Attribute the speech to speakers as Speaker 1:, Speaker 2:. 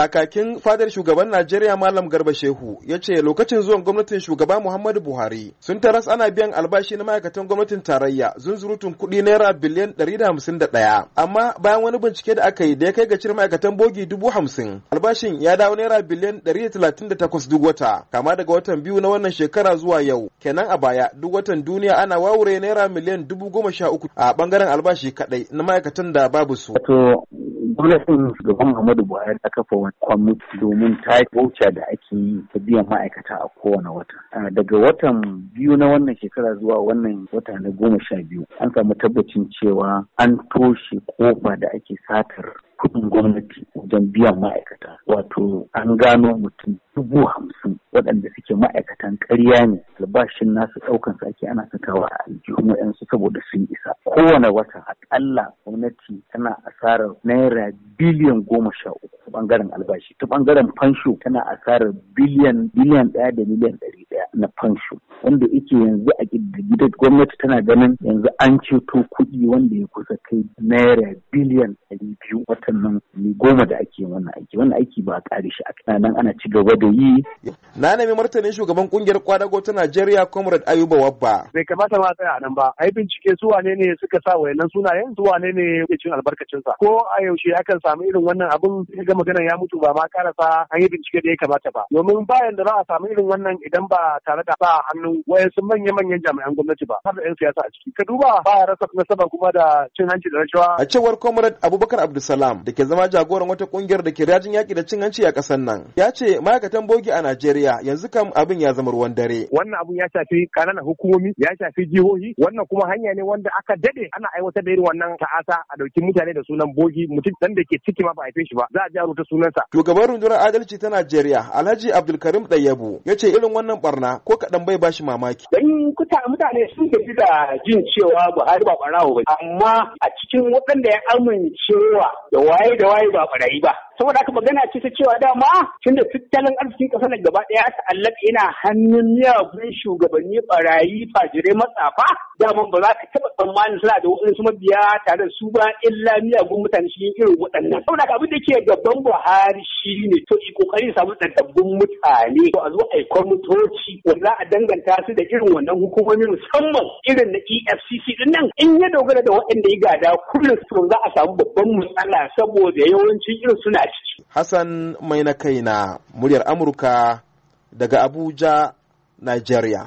Speaker 1: Kakakin fadar shugaban Najeriya Malam Garba Shehu ya ce lokacin zuwan gwamnatin shugaba Muhammadu Buhari sun taras ana biyan albashi na ma'aikatan gwamnatin tarayya zunzurutun kuɗi naira biliyan ɗaya amma bayan wani bincike da aka yi da ya kai ga cire ma'aikatan bogi dubu hamsin albashin ya dawo naira biliyan talatin 138 duk wata kama daga watan biyu na wannan shekara zuwa yau kenan a baya duk watan duniya ana wawure naira miliyan dubu goma sha uku a bangaren albashi kaɗai na ma'aikatan da babu su.
Speaker 2: gwamnatin shugaban Muhammadu Buhari ta kafa wani kwamiti domin ta bauta da ake yi ta biyan ma'aikata a kowane wata. Daga watan biyu na wannan shekara zuwa wannan wata na goma sha biyu an samu tabbacin cewa an toshe kofa da ake satar kudin gwamnati wajen biyan ma'aikata wato an gano mutum dubu hamsin waɗanda suke ma'aikatan ƙarya ne albashin nasu ɗaukan su ake ana sakawa a aljihun wa'yansu saboda sun isa kowane wata aƙalla gwamnati tana asarar naira biliyan goma sha uku ɓangaren albashi ta ɓangaren fansho tana asarar biliyan biliyan ɗaya da miliyan ɗari ɗaya na fansho wanda yake yanzu a gidan gwamnati tana ganin yanzu an ceto kuɗi wanda ya kusa kai naira biliyan ɗari biyu watan nan ne goma da ake wannan aiki wannan
Speaker 1: aiki ba a ƙare shi
Speaker 2: a nan ana ci gaba da
Speaker 1: yi. na nemi martanin shugaban ƙungiyar kwadago ta najeriya comrade ayuba wabba. bai kamata ma tsaya a nan ba A yi bincike su wane ne suka sa wayannan
Speaker 3: sunayen su wane ne ya cin albarkacinsa ko a yaushe akan samu irin wannan abun gama ganin ya mutu ba ma karasa an yi bincike da ya kamata ba domin bayan da za a samu irin wannan idan ba tare da sa
Speaker 1: hannu hannun wayansu manya-manyan jami'an gwamnati ba har da 'yan siyasa a ciki ka duba ba rasa nasaba kuma da cin hanci da rashawa a cewar comrade abubakar abdulsalam da ke zama jagoran wata kungiyar da ke rajin yaki da cin hanci a ƙasar nan ya ce ma'aikatan bogi a najeriya yanzu kam abin ya zama ruwan dare wannan abun ya shafi kananan hukumomi ya shafi jihohi wannan kuma hanya ne wanda aka dade ana aiwatar da irin wannan ta'asa a ɗauki mutane da sunan bogi mutum dan da ke ciki ma ba a shi ba za a ja rubuta sunansa shugaban rundunar adalci ta najeriya alhaji abdulkarim dayyabu ya ce irin wannan barna ko kaɗan bai bashi shi mamaki. Dan mutane sun gaji da jin cewa Buhari ba barawo ba amma
Speaker 3: a cikin waɗanda ya amincewa da waye da waye ba barayi ba. saboda haka magana ce ta cewa dama tun da tattalin arzikin ƙasar na gaba ɗaya allaka yana hannun miyagun shugabanni barayi fajirai matsafa daman ba za ka taɓa tsammanin suna da waɗansu mabiya tare da su ba illa miyagun mutane shi irin waɗannan. Sau da abin da ke gaban Buhari shi ne to yi kokari samu tsaddabbun mutane to a zo a yi kwamitoci wanda za a danganta su da irin wannan hukumomi musamman irin na EFCC din nan in ya dogara da waɗanda ya gada kullum su za a samu babban matsala saboda yawancin irin suna ciki.
Speaker 1: Hassan mai na kaina muryar Amurka daga Abuja, Najeriya.